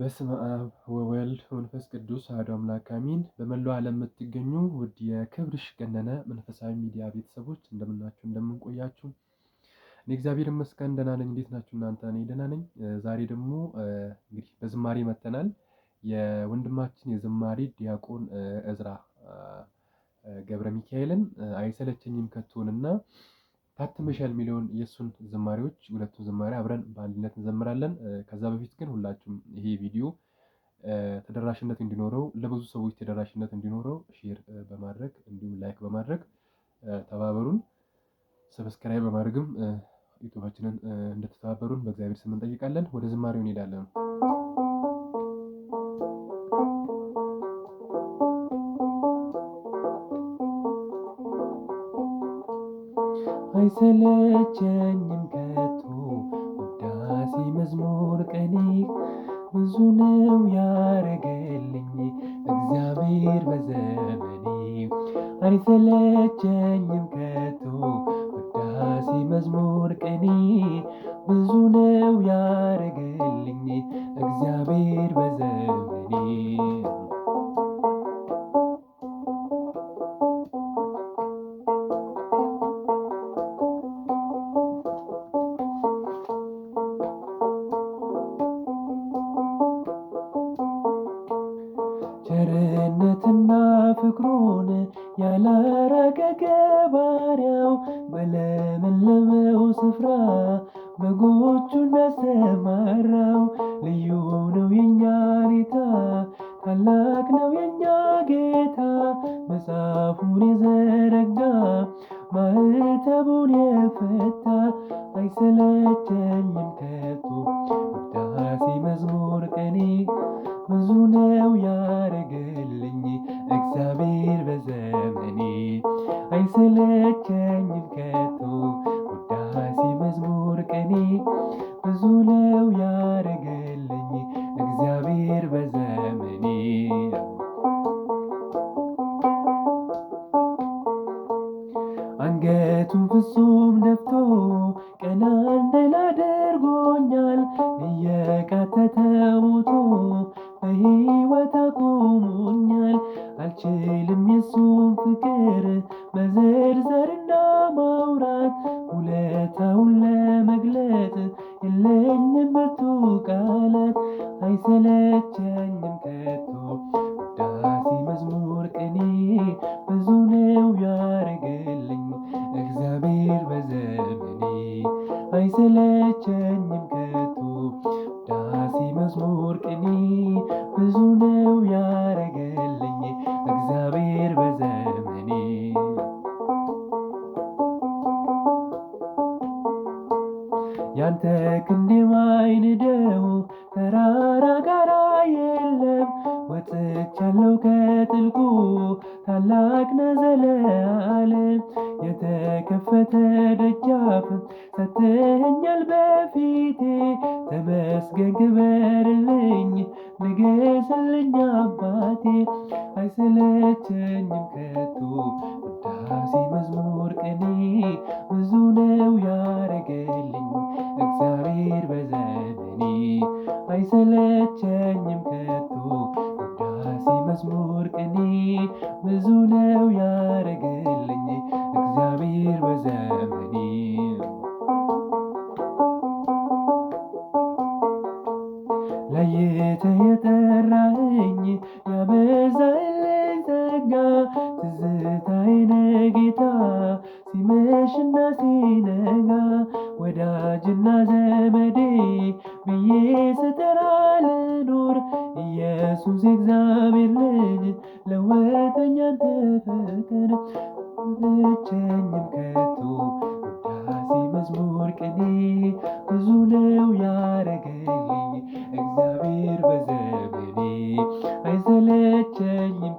በስመ አብ ወወልድ መንፈስ ቅዱስ አሐዱ አምላክ አሜን። በመላው ዓለም የምትገኙ ውድ የክብርሽ ገነነ መንፈሳዊ ሚዲያ ቤተሰቦች እንደምናችሁ እንደምንቆያችሁ፣ እኔ እግዚአብሔር ይመስገን ደህና ነኝ። እንዴት ናችሁ እናንተ? እኔ ደህና ነኝ። ዛሬ ደግሞ እንግዲህ በዝማሬ መተናል። የወንድማችን የዝማሬ ዲያቆን እዝራ ገብረ ሚካኤልን አይሰለቸኝም ከቶንና ታትመሻል የሚለውን የእሱን ዝማሬዎች ሁለቱን ዝማሬ አብረን በአንድነት እንዘምራለን። ከዛ በፊት ግን ሁላችሁም ይሄ ቪዲዮ ተደራሽነት እንዲኖረው ለብዙ ሰዎች ተደራሽነት እንዲኖረው ሼር በማድረግ እንዲሁም ላይክ በማድረግ ተባበሩን። ሰብስክራይብ በማድረግም ዩቱባችንን እንደተተባበሩን በእግዚአብሔር ስም እንጠይቃለን። ወደ ዝማሬው እንሄዳለን። አይሰለቸኝም ከቶ ውዳሴ መዝሙር ቀኔ ብዙ ነው ያረገልኝ እግዚአብሔር በዘመኔ። አይሰለቸኝም ከቶ ውዳሴ መዝሙር ቀኔ ብዙ ነው ቸርነትና ፍቅሩን ያላረገገ ባሪያው በለመለመው ስፍራ በጎቹን ያሰማራው ልዩ ነው የኛ ጌታ፣ ታላቅ ነው የኛ ጌታ መጽሐፉን የዘረጋ አይተቸኝም ከቶ ውዳሴ መዝሙር ቀኔ ብዙ ነው ያ ቃላት አይሰለቸኝም ከቶ ዳሴ መዝሙር ቅኔ ብዙ ነው ያረግልኝ እግዚአብሔር በዘመኔ አይሰለቸኝም ከቶ ዳሴ መዝሙር ቅኔ ብዙ ነው ያረግ ታላቅ ነህ ዘላለም የተከፈተ ደጃፍ ሰጥተኸኛል በፊቴ ተመስገን ግበርልኝ ንገስልኝ አባቴ አይሰለቸኝም ከቶ ውዳሴ መዝሙር ቅኔ ብዙ ነው ያ ለይተህ የጠራኸኝ ያበዛህልኝ ጸጋ ትዝታዬ ጌታ ሲመሽና ሲነጋ ወዳጅና ዘመዴ ብዬ ስጠራ ልኖር ኢየሱስ የእግዚአብሔር ልጅ ለወጠኝ ያንተ ፍቅር ከቶ መዝሙር ቅኔ ብዙ ነው ያረገልኝ እግዚአብሔር በዘመኔ አይሰለቸኝም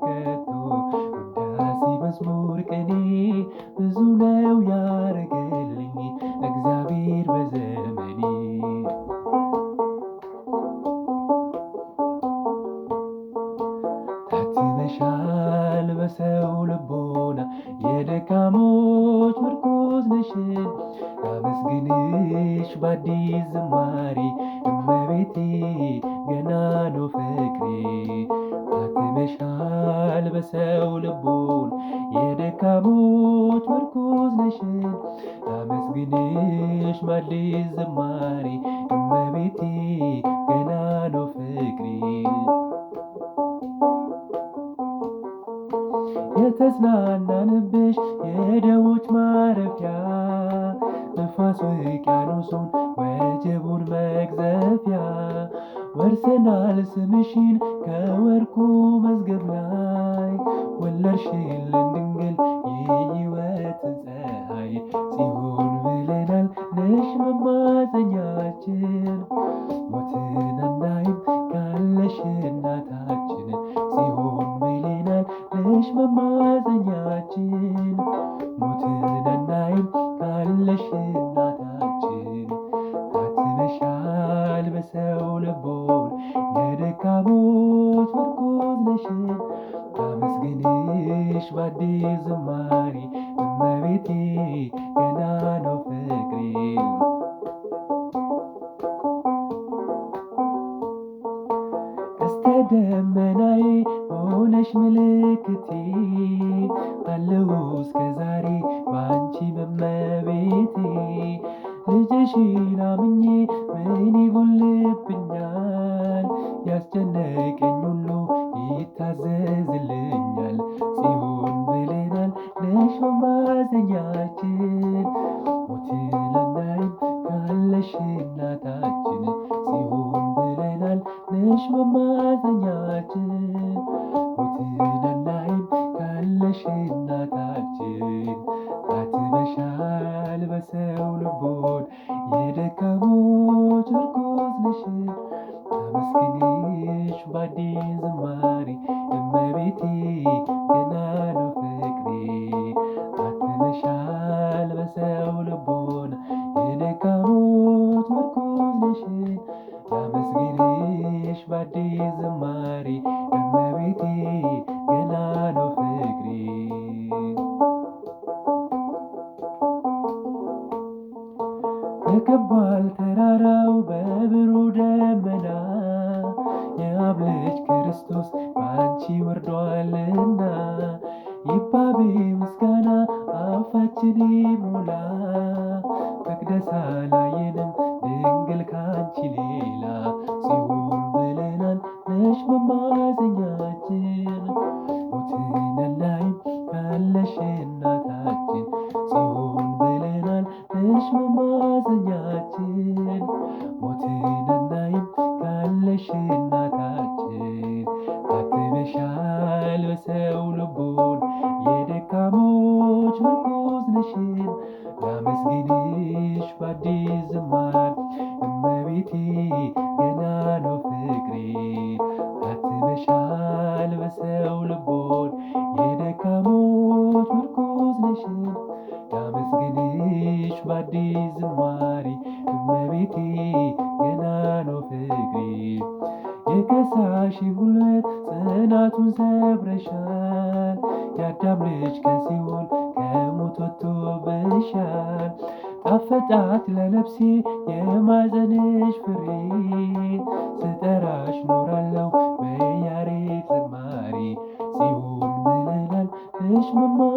አዲስ ዝማሬ እመቤቴ ገና ነው ፍቅሬ አትመሻል በሰው ልቦን የደካሞች ምርኩዝ ነሽን አመስግንሽ ማዲስ ዝማሬ እመቤቴ ገና ነው ፍቅሬ የተዝናናንብሽ የደዎች ማረፊያ ነፋስ ውቅያኖሱን ወርሰናል ስምሽን ከወርቁ መዝገብ ላይ ወለድሽልን ድንግል አመስግንሽ በአዲስ ዝማሪ እመቤቴ ገና ነው ፍቅሬ ቀስተ ደመናዬ ሆነሽ ምልክቴ አለው እስከ ዛሬ በአንቺ በመቤቴ ልጅሽን አምኜ ምን ይጎል መማፀኛችን ሞትን አናይም ካለሽ እናታችን ታትመሻል በሰው ልቦን የደካሞች ምርኩዝ ነሽን ተመስገንሽ በአዲስ ዝማሬ እመቤቴ ማሪ እመቤቴ ገና ነው ፍቅሬ ተከቧል ተራራው በብሩህ ደመና የአብ ልጅ ክርስቶስ በአንቺ ወርዷልና ይባቤ ምስጋና አፋችን ሙላ መቅደሳ ላይ ገሳሽ ሁለት ጽናቱን ሰብረሻል። የአዳም ልጅ ከሲኦል ከሞት ወጥቶብሻል። ጣፈጣት ለነፍሴ የማዘንሽ ፍሬ ስጠራሽ ኖራለው በያሬ ዝማሬ ጽዮን ብለናል እሽ መማ